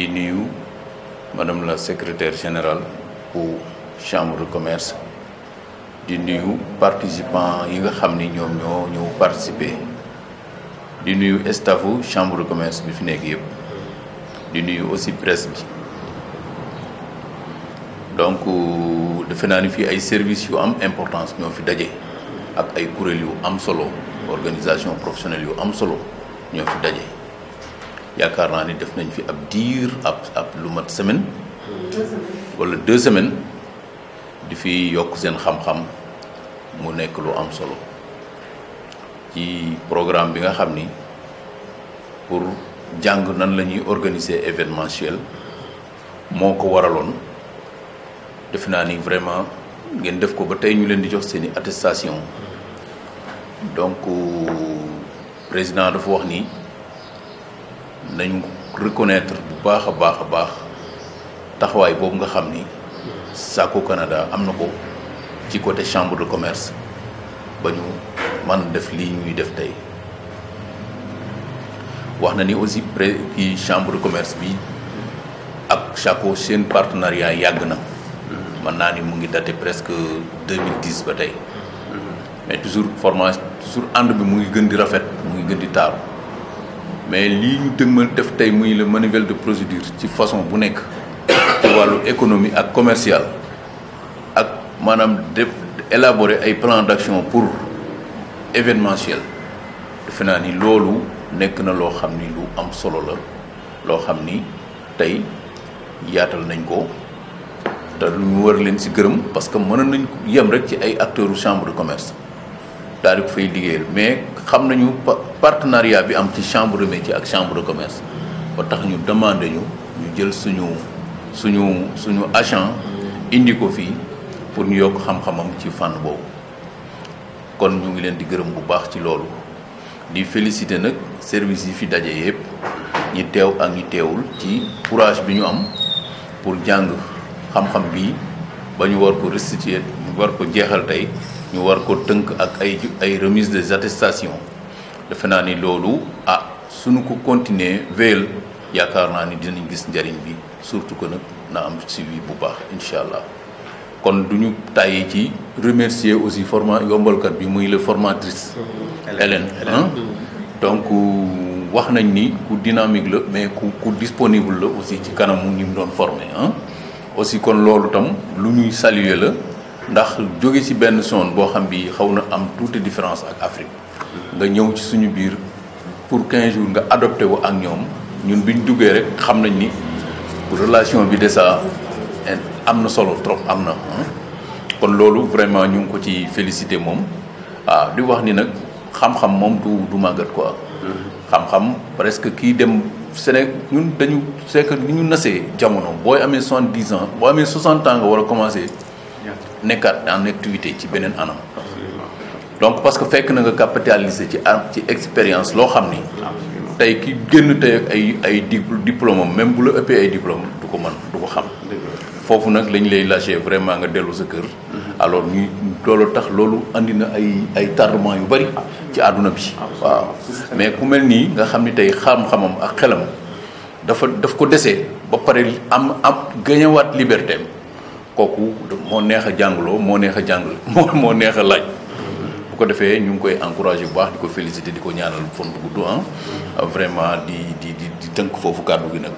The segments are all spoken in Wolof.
di nuyu madame la secrétaire générale bu chambre de commerce di nuyu participants yi nga xamni ñom ñoo ñëw participer di nuyu staffu chambre de commerce bi fi nekk yëpp di nuyu aussi presse bi donc de naa fi ay services yu am importance ñoo fi dajé ak ay kuréel yu am solo organisation professionnelle yu am solo ñoo fi dajé yaakaar naa ni def nañ fi ab diir ab ab lu mat semaine wala deux semaines di fi yokk seen xam-xam mu nekk lu am solo ci programme bi nga xam ni pour jàng nan la ñuy organiser événementiel moo ko waraloon def naa ni vraiment ngeen def ko ba tey ñu leen di jox seeni attestation donc euh, président dafa wax ni nañu reconnaître bu baax a baax a baax taxawaay boobu nga xam ni SACCO Canada am na ko ci côté chambre de commerce ba ñu man def lii ñuy def tey wax na ni aussi pré chambre de commerce bi ak SACCO seen partenariat yàgg na man naa ni mu ngi daté presque 2010 ba tey mais toujours formation toujours ànd bi mu ngi gën di rafet mu ngi gën di taaru mais li ñu dëgmal def tey muy le manuel de procédure ci façon bu nekk ci wàllu économie ak commercial ak maanaam def élaborer ay plan d'action pour événementiel defe naa ni loolu nekk na loo xam ni lu am solo la loo xam ni tey yaatal nañ ko te lu ñu war leen ci gërëm parce que mënoon nañ yem rek ci ay acteurs chambre de commerce dari fay liggéeyal mais xam nañu partenariat bi am ci chambre de métier ak chambre de commerce ba tax ñu demandé ñu ñu jël suñu suñu suñu agent indi ko fi pour ñu yok xam-xamam ci fan kon ñu ngi leen di gërëm bu baax ci loolu di féliciter nak service yi fi dajé yépp ñi tew ak ñi tewul ci courage bi ñu am pour jang xam-xam bi ba ñu war ko restituer war ko jéxal tay ñu war ko tënk ak ay ay remise des attestations Le naa ni loolu ah suñu ko continuer wéyal yaakaar naa ni dinañ gis njariñ bi surtout que nag na am suivi bu baax incha allah kon du ñu ci remercier aussi format yombalkat bi muy le formatrice Hélène hein? donc euh, wax nañ ni ku dynamique la mais ku disponible la aussi ci kanamu ñi mu doon formé hein? aussi kon loolu tam lu ñuy saluer le ndax jóge ci benn son boo xam bi xaw na am tuuti différence ak Afrique nga ñëw ci suñu biir pour 15 jours nga adopté wu ak ñoom ñun biñ ñu duggee rek xam nañ ni relation bi déjà eh, am na solo trop am na. Hein. kon loolu vraiment ñu ngi ko ci félicité moom waaw ah, di wax ni nag xam-xam moom du du màggat quoi. xam-xam presque kii dem Sénégal ñun dañu c'est que ni ñu nasee jamono booy amee 70 ans boo amee 60 ans nga war a commencer nekkaat en activité ci beneen anam. donc parce que fekk na nga capitaliser ci ci expérience loo xam ni. tey ki génn tey ay ay diplôme même bu la ëppee ay diplôme du ko mën du ko xam. foofu nag lañ lay lâché vraiment nga dellu sa kër. Mhm. alors ñu loolu tax loolu andi na ay ay tardement yu bari ci àdduna bi. waaw mais ku mel nii nga xam ni tey xam-xamam ak xelam dafa daf ko desee ba pare am am gañewaat liberté am kooku moo neex a jàngloo moo neex a jàngal moo moo neex a laaj bu ko defee ñu ngi koy encouragé bu baax di ko félicité di ko ñaanal fond gudd ah vraiment di di di di tënk foofu kàddu gi nag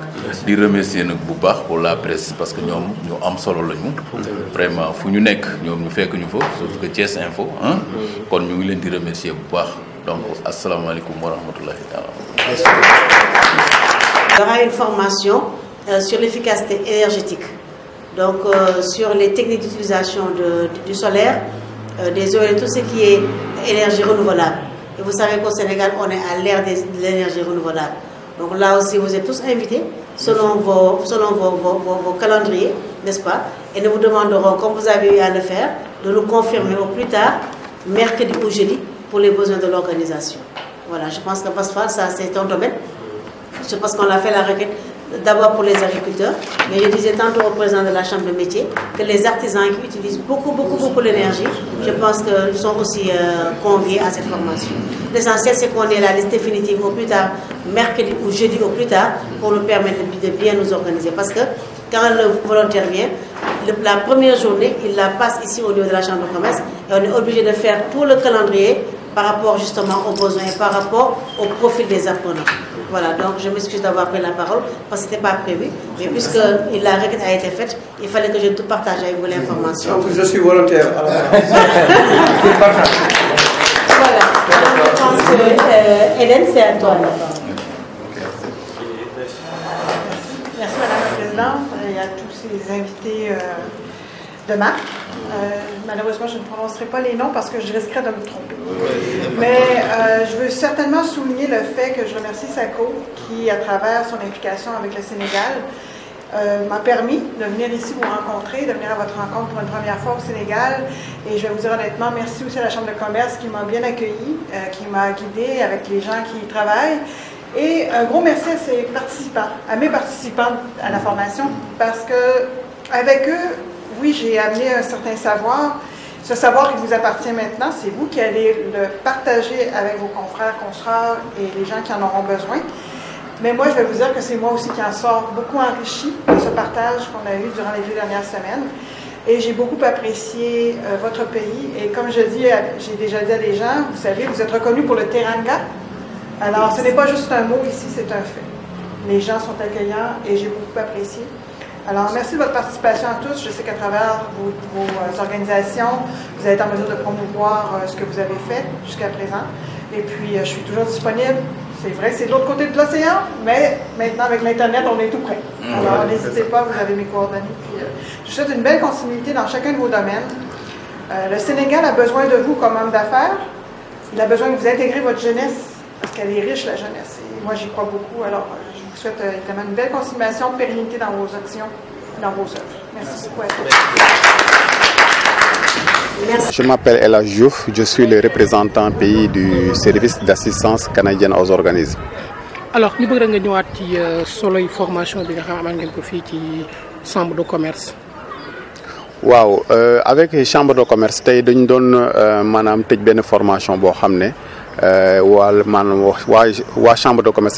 di remercier nag bu baax pour la presse parce que ñoom ñu am solo la vraiment fu ñu nekk ñoom ñu fekk ñu fa surtout que Thiès Info ah kon ñu ngi leen di remercier bu baax donc asalaamaaleykum wa rahmatullahi taala aura une formation euh, sur l'efficacité énergétique donc, euh, sur les techniques d'utilisation du solaire, euh, des eaux et tout ce qui est énergie renouvelable. Et vous savez qu'au Sénégal, on est à l'ère de l'énergie renouvelable. Donc là aussi, vous êtes tous invités selon vos, selon vos, vos, calendriers, n'est-ce pas Et nous vous demanderons, comme vous avez eu à le faire, de nous confirmer au plus tard, mercredi ou jeudi, pour les besoins de l'organisation. Voilà, je pense que passe ça c'est un domaine. Je pense qu'on a fait la requête d'abord pour les agriculteurs, mais je disais tant au président de la Chambre de métier que les artisans qui utilisent beaucoup, beaucoup, beaucoup l'énergie, je pense qu'ils sont aussi euh, conviés à cette formation. L'essentiel, c'est qu'on ait la liste définitive au plus tard, mercredi ou jeudi au plus tard, pour nous permettre de bien nous organiser. Parce que quand le volontaire vient, la première journée, il la passe ici au niveau de la Chambre de commerce et on est obligé de faire tout le calendrier par rapport justement aux besoins, par rapport au profil des apprenants. Voilà, donc je m'excuse d'avoir pris la parole parce que ce n'était pas prévu, mais puisque la règle a été faite, il fallait que je tout partage avec vous l'information. Je suis volontaire. voilà, je pense que Hélène, c'est à toi. Merci Madame la Présidente, et à tous les invités. Euh, Demain. Euh, malheureusement, je ne prononcerai pas les noms parce que je risquerais de me tromper. Mais euh, je veux certainement souligner le fait que je remercie SACO qui, à travers son implication avec le Sénégal, euh, m'a permis de venir ici vous rencontrer, de venir à votre rencontre pour une première fois au Sénégal. Et je vais vous dire honnêtement, merci aussi à la Chambre de commerce qui m'a bien accueilli, qui m'a guidé avec les gens qui y travaillent. Et un gros merci à ses participants, à mes participants à la formation, parce que avec eux, oui, j'ai amené un certain savoir. Ce savoir, qui vous appartient maintenant. C'est vous qui allez le partager avec vos confrères, consoeurs et les gens qui en auront besoin. Mais moi, je vais vous dire que c'est moi aussi qui en sors beaucoup enrichi de ce partage qu'on a eu durant les deux dernières semaines. Et j'ai beaucoup apprécié euh, votre pays. Et comme je dis, euh, j'ai déjà dit à des gens, vous savez, vous êtes reconnu pour le Teranga. Alors, ce n'est pas juste un mot ici, c'est un fait. Les gens sont accueillants et j'ai beaucoup apprécié. Alors, merci de votre participation à tous. Je sais qu'à travers vos, euh, organisations, vous êtes en mesure de promouvoir euh, ce que vous avez fait jusqu'à présent. Et puis, euh, je suis toujours disponible. C'est vrai, c'est de l'autre côté de l'océan, mais maintenant, avec l'Internet, on est tout prêt mmh. Alors, n'hésitez pas, vous avez mes coordonnées. je souhaite une belle continuité dans chacun de vos domaines. le Sénégal a besoin de vous comme homme d'affaires. Il a besoin que vous intégriez votre jeunesse, parce qu'elle est riche, la jeunesse. Et moi, j'y crois beaucoup. Alors, vous souhaite euh, une belle consommation, pérennité dans vos actions, dans vos œuvres. Merci, beaucoup Je m'appelle Ella Jouf, je suis le représentant pays du service d'assistance canadienne aux organismes. alors nous avons une ñëwaat euh, formation de nga xam ngeen ko chambre de commerce. waaw euh, avec chambre de commerce nous nous une maanaam formation pour la euh, chambre de commerce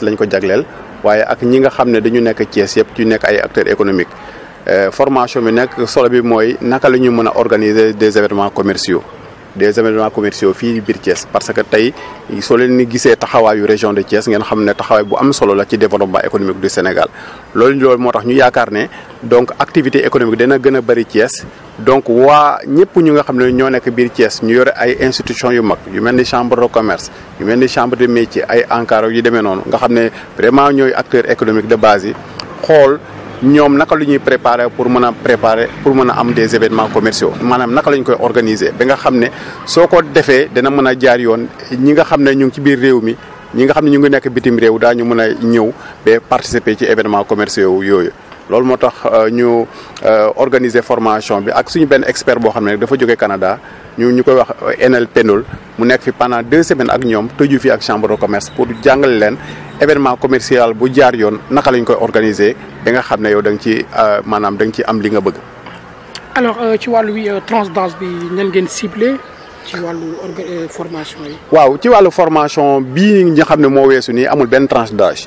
waaye ak ñi nga xam ne dañu nekk Thiès yëpp ci nekk ay acteurs économique euh, formation bi nekk solo bi mooy naka la ñu mën a organiser des événements commerciaux. des événements commerciaux fi bir Thiès parce que tay so len ni gisee taxawaayu région de Thiès ngén xamné ne bu am solo la ci développement économique du Sénégal loolu loolu motax ñu yaakaar ne donc activité économique dana gëna bari bëri Thiès donc wa ñepp ñu nga xamné ño nek bir biir Thiès ñu yore ay institutions yu mag yu melni chambre de commerce yu melni chambre de métier ay ANCAR yu démé non nga xamné vraiment ñoy acteur économique de base yi xool ñom naka luñuy préparer pour mëna préparer pour mëna am des événements commerciaux manam naka lañ koy organiser ba nga xamné soko défé ko defee dana mën jaar yoon ñi nga xamné ñu ngi ci biir réew mi ñi nga xamné ñu ngi nekk bitim réew da ñu mëna ñëw bé participer ci événements commerciaux yooyu. lool motax euh, ñu euh, organiser formation bi ak suñu ben expert bo xamné dafa joggé Canada ñu ñu koy wax euh, NL Penul mu nekk fi pendant deux semaines ak ñom tëju fi ak chambre de commerce pour jàngale leen événement commercial bu jaar yoon naka lañ koy organiser ba nga xam ne yow da nga ci euh, maanaam da nga ci am li nga bëgg. alors euh, ci wàllu wi euh, transdanse bi ñan ngeen ciblé ci wàllu formation yi. waaw ci wàllu formation bii ñi xam ne moo weesu nii amul benn tranche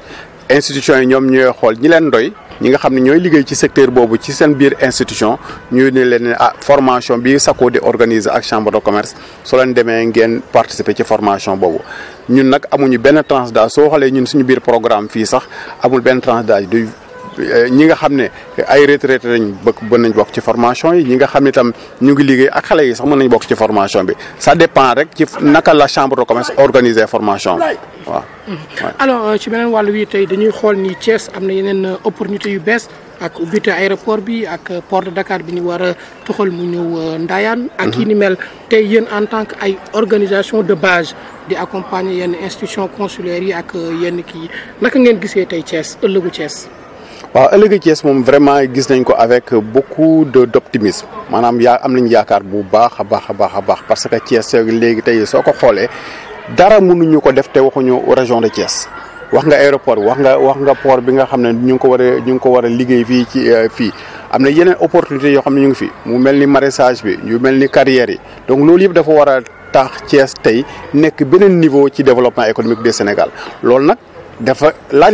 institution yi ñoom ñooy xool ñi leen doy. ñi nga xam ne ñooy liggéey ci secteur boobu ci seen biir institution ñu ne leen a ah, formation bi SACCO di organiser ak chambre de commerce soo leen demee ngeen participer ci formation boobu. ñun nag amuñu benn tranche d'âge soo xoolee ñun suñu biir programme fii sax amul benn tranche d'âge du Euh, ñi nga xam ne ay retraité lañ bokk mën nañ bokk ci formation yi ñi nga xam ne tam ñu ngi liggéey ak xale yi sax mën nañ bokk ci formation bi ça dépend rek ci naka la chambre de commerce organiser formation bi waaw. Mm-hmm. alors euh, ci beneen wàllu wi tey dañuy xool ni Thiès am na yeneen euh, opportunité yu bees ak ubbite aéroport bi ak port de Dakar bi ñu war a toxal mu ñëw Ndayane. Mm-hmm. ak yi ni mel tey yéen en tant que ay organisation de base di accompagner yenn institution consulaire yi ak yenn kii naka ngeen gisee tey Thiès ëllëgu Thiès waaw ëllëg Thiès moom vraiment avec beaucoup d'optimisme am bu parce que Thiès léegi tey soo ko xoolee dara mënuñu ko def te waxuñu région de Thiès. wax nga aéroport wax nga wax nga port bi nga ñu ngi a ci opportunité ñu ngi euh, carrière donc loolu dafa tax Thiès niveau ci développement économique du Sénégal loolu dafa laaj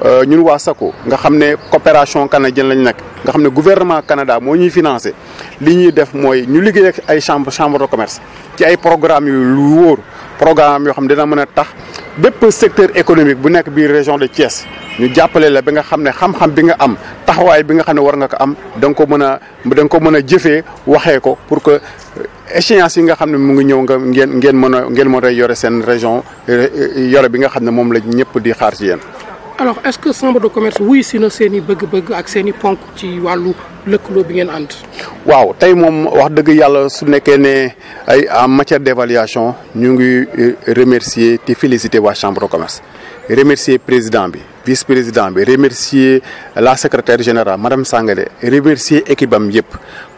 Euh, ñun wa sako nga xam ne coopération canadien lañ nekk nga ne gouvernement Canada mo ñuy financer li ñuy def moy ñu liggéey ak ay chambre chambre de commerce ci ay programme yu lu wóor programme yo xam dina mëna tax bép secteur économique bu nek bi région de Thiès ñu jappalé la bi nga xam-xam bi nga am taxaway bi nga ne war nga ko am dang ko mëna dang ko mëna jëfé waxé ko pour que euh, échéance yi nga ne mu ngi ñëw nga ngeen ngeen mëna ngeen mo a yore sen région euh, yore bi nga ne la ñëpp di xaar ci yeen alors est-ce que chambre de commerce oui, c'est une seen i bug bëgg ak pont i ponk ci le lëkkaloo bi Wow, ànd. waaw tey wax deug yalla su né ay en matière d'évaluation ñu ngi euh, remercier te féliciter wa chambre de commerce remercier président bi vice-président bi remercier la secrétaire générale madame Sangalé remercier équipe am yëpp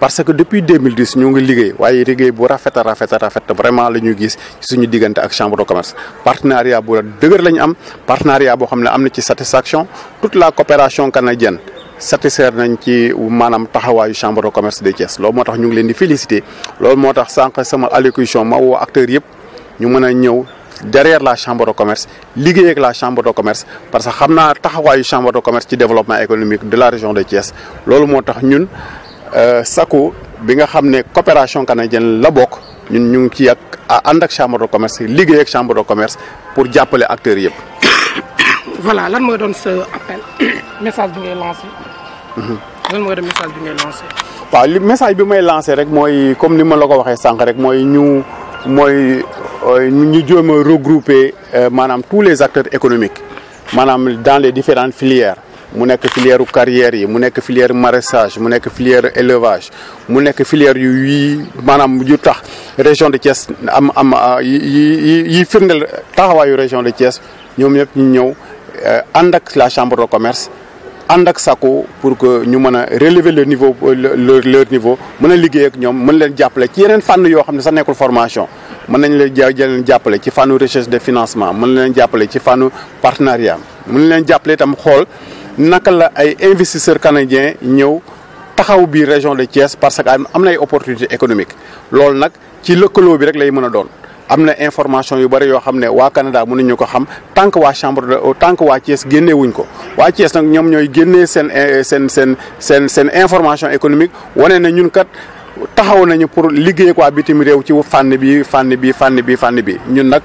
parce que depuis 2010 ñu ngi liggéey waaye liggéey bu rafet a rafet a rafet vraiment la ñu gis ci suñu diggante ak chambre de commerce partenariat bu la dëgër la am partenariat boo xam ne ci satisfaction toute la coopération canadienne satisfaire nañ ci manam taxawayu chambre de commerce de Thiès loolu motax ñu ngi leen di féliciter loolu motax sank sama allocution ma wo acteur yëpp ñu mëna ñëw derrière la chambre de commerce liguer avec la chambre de commerce parce que xamna taxawayu la chambre de commerce ci développement économique de la région de Thiès loolu motax ñun euh sako bi nga xamné une coopération canadienne la bok ñun ñu ci ak chambre de commerce avec la chambre de commerce pour les acteurs yépp voilà lan vous don ce appel message bi ngay lancé. Mhm. lan message bi ngay lancé. le message bi may lancé comme ni ma la ko que nous, rek nous euh, devons regrouper euh, tous les acteurs économiques dans les différentes filières mu nekk filière carrière yi mu filière maraîchage mu nekk filière élevage mu nekk filière yi région de Thiès am am yi yi région de Thiès nous avons ñu euh, la chambre de commerce andak sako SACO pour que ñu mën relever le niveau leur niveau nous a liggéey ak ñoom mën leen jàppale ci yeneen de yo xamné sa formation. mën nañ leen ja jàppale ci fànnu recherche de financement mën leen jàppale ci fànnu partenariat mën leen jàppale itam xool naka la ay investisseurs canadiens ñëw taxaw biir région de Thiès parce que am na ay opportunité économique lool nag ci lëkkaloo bi rek lay mën a doon am na information yu bëri yoo xam ne waa Canada nañu ko xam tant que waa chambre de tant que waa Thiès génnee wuñ ko waa Thiès nag ñoom ñooy génne seen eh, seen seen seen seen information économique wane na ñun taxaw nañu pour liggéey ko waa bitim réew ci fànn bi fànn bi fànn bi fànn bi ñun nag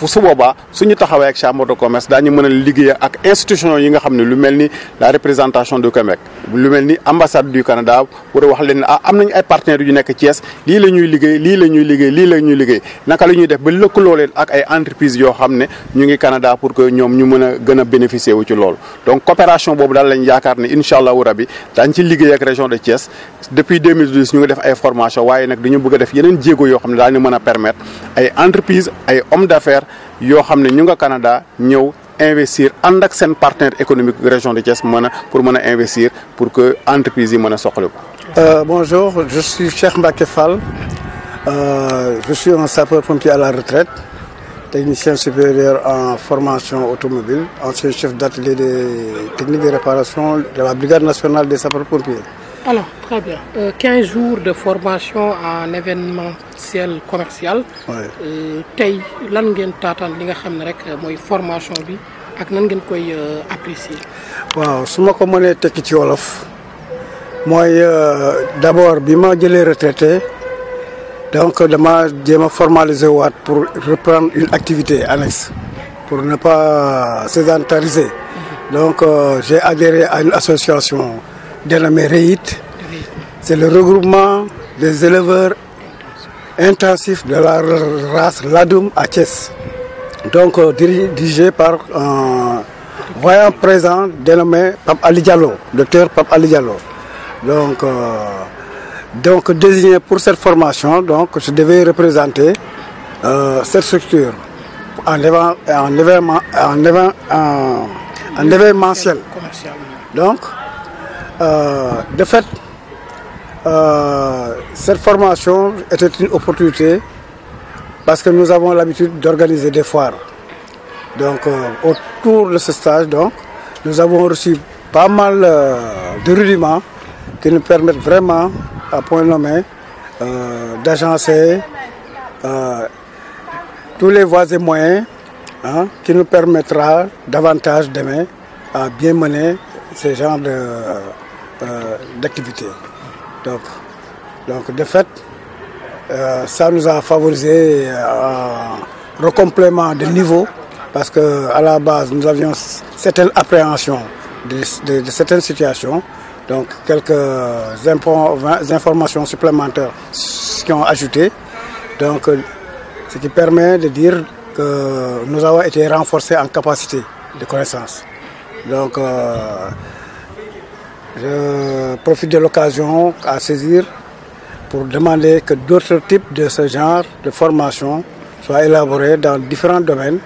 fu su boobaa suñu taxawee ak chambre de commerce daañu mën a liggéey ak institution yi nga xam ne lu mel ni la représentation du Québec lu mel ni ambassade du Canada pour wax leen ne ah am nañ ay partenaires yu nekk Thiès lii la ñuy liggéey lii la ñuy liggéey lii la ñuy liggéey naka la ñuy def ba lëkkaloo leen ak ay entreprises yoo xam ne ñu ngi Canada pour que ñoom ñu mën a gën a bénéficier wu ci loolu donc coopération boobu daal lañ yaakaar ne incha allahu rabi daañ ci liggéey ak région de Thiès depuis 2012 ñu ngi def ay formation waaye nag dañu bëgg a def yeneen jéego yoo xam ne daañu mën a permettre ay entreprise ay hommes d'affaires nous xam ne ñu nga Canada ñëw investir ànd ak seen partenaire économique région de Thiès pour investir pour que l'entreprise yi mën a euh, bonjour je suis Cheikh Mbacke Fall euh, je suis un sapeur-pompier à la retraite technicien supérieur en formation automobile ancien chef d'atelier des techniques de réparation de la brigade nationale des sapeurs-pompiers. Alors, très bien. 15 euh, jours de formation en événementiel commercial. Oui. Euh, lan ngeen que li nga xam de la formation bi ak nan ngeen koy euh, apprécier. waaw je ma d'abord quand suis retraité donc je me formalisé pour reprendre une activité annexe pour ne pas sédentariser. Mm-hmm. donc j'ai adhéré à une association dénommé la C'est le regroupement des éleveurs intensifs de la race Ladoum à Donc euh, dirigé par un voyant présent dénommé Pape Ali Diallo, docteur Pape Ali Diallo. Donc, euh, donc désigné pour cette formation, donc je devais représenter euh, cette structure en, en, événement, en, en événementiel. Donc, euh, de fait, euh, cette formation était une opportunité parce que nous avons l'habitude d'organiser des foires. Donc, euh, autour de ce stage, donc, nous avons reçu pas mal de rudiments qui nous permettent vraiment, à point nommé, d'agencer tous les voies et moyens hein, qui nous permettra davantage demain à bien mener ce genre de euh, d'activité. Donc, donc, de fait, euh, ça nous a favorisé un euh, recomplément de niveau parce qu'à la base, nous avions certaines appréhensions de, certaines situations. Donc, quelques informations supplémentaires qui ont ajouté. Donc, ce qui permet de dire que nous avons été renforcés en capacité de connaissance. Donc, je profite de l'occasion à saisir pour demander que d'autres types de ce genre de formation soient élaborés dans différents domaines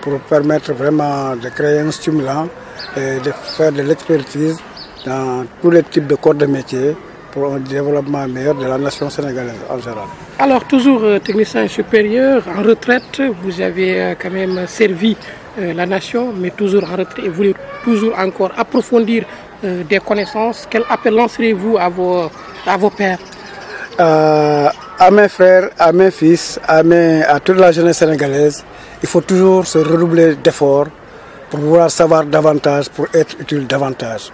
pour permettre vraiment de créer un stimulant et de faire de l'expertise dans tous les types de corps de métier pour un développement meilleur de la nation sénégalaise en général. Alors toujours euh, technicien supérieur, en retraite, vous avez euh, quand même servi euh, la nation, mais toujours en retraite et vous voulez toujours encore approfondir euh, des connaissances, quel appel lancerez-vous à vos, à vos pères euh, À mes frères, à mes fils, à, à toute la jeunesse sénégalaise, il faut toujours se redoubler d'efforts pour pouvoir savoir davantage, pour être utile davantage.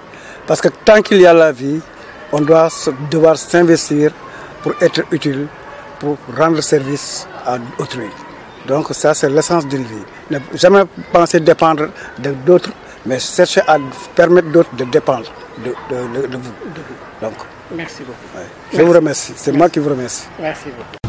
Parce que tant qu'il y a la vie, on doit devoir s'investir pour être utile, pour rendre service à autrui. Donc ça, c'est l'essence d'une vie. Ne jamais penser dépendre d'autres mais cherchez à permettre d'autres de dépendre de, de, vous. Donc, Merci beaucoup. Je vous remercie. C'est moi qui vous remercie. Merci beaucoup.